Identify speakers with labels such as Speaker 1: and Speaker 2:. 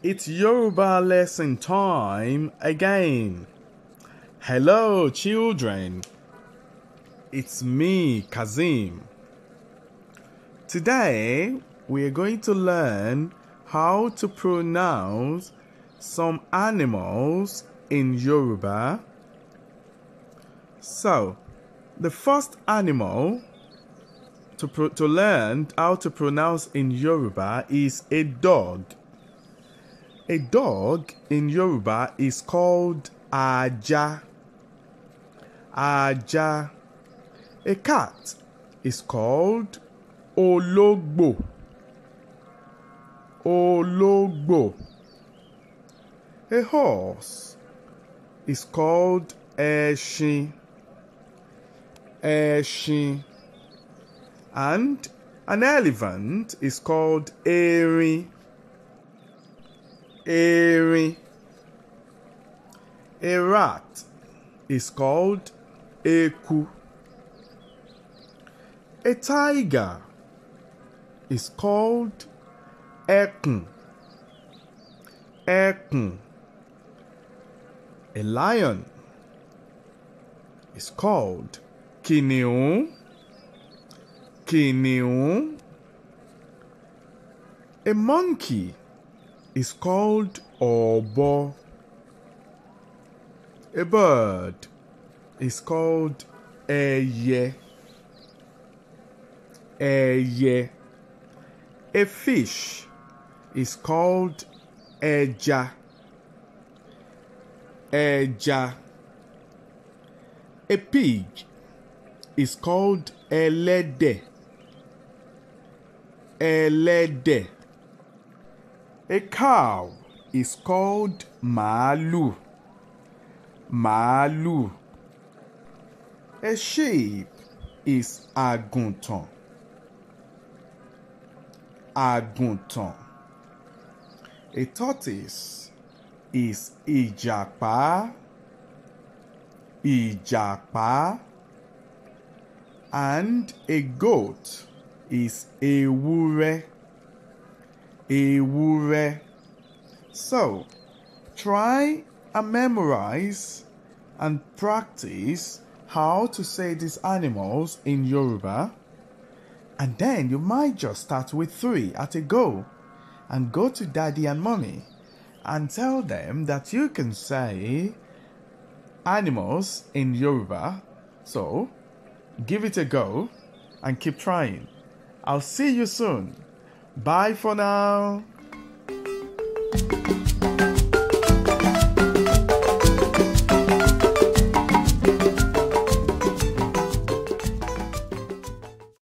Speaker 1: It's Yoruba lesson time again. Hello, children. It's me, Kazim. Today, we are going to learn how to pronounce some animals in Yoruba. So, the first animal to, to learn how to pronounce in Yoruba is a dog. A dog in Yoruba is called Aja. Aja. A cat is called Ologbo. Ologbo. A horse is called Ẹṣin. Ẹṣin. And an elephant is called Erin. Erin. A rat is called eku. A tiger is called ekun. Ekun. A lion is called kiniun. Kiniun. A monkey is called obo. A bird is called ẹyẹ. Ẹyẹ. A fish is called ẹja. Ẹja. A pig is called ẹlẹ́dẹ̀. Ẹlẹ́dẹ̀. A cow is called malu. Malu. A sheep is àgùntàn. Àgùntàn. A tortoise is ijapa. Ijapa. And a goat is ewúrẹ́. Ewúrẹ́. So, try and memorize and practice how to say these animals in Yoruba. And then you might just start with three at a go and go to daddy and mommy and tell them that you can say animals in Yoruba. So give it a go and keep trying. I'll see you soon. Bye for now.